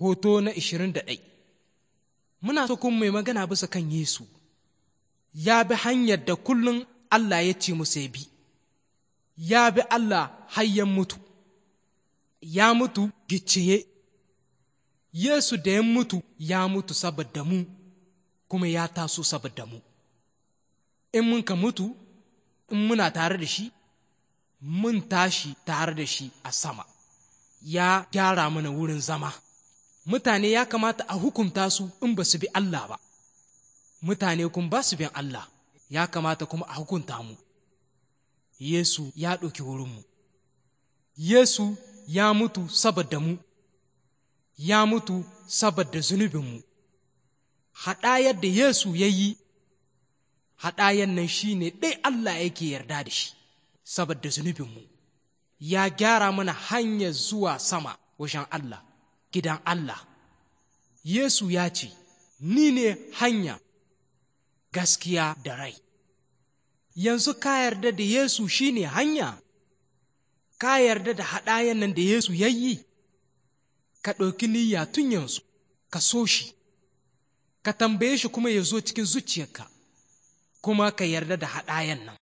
hoto na ishirin da ɗai muna so kuma mai magana bisa kan Yesu ya bi hanyar da kullum Allah ya ce musa bi ya bi Allah hayyan mutu ya mutu gicciye Yesu da ya mutu ya mutu saboda mu kuma ya taso saboda mu in mun ka mutu in muna tare da shi mun tashi tare da shi a sama ya gyara mana wurin zama mutane ya kamata a hukunta su in ba su bi Allah ba mutane kun ba su bin Allah ya kamata kuma a hukunta mu Yesu ya ɗauki wurinmu Yesu ya mutu saboda mu ya mutu saboda zunubinmu haɗayar da Yesu ya yi haɗayar nan shi ne ɗai Allah yake yarda da shi saboda zunubinmu ya gyara mana hanyar zuwa sama wajen Allah gidan Allah. Yesu ya ce, Ni ne hanya, gaskiya da rai. Yanzu ka yarda da Yesu shi ne hanya, ka yarda da haɗayen nan da Yesu ya yi, ka ɗauki niyya tun yanzu, ka so shi, ka tambaye shi kuma ya zo cikin zuciyarka, kuma ka yarda da haɗayen nan.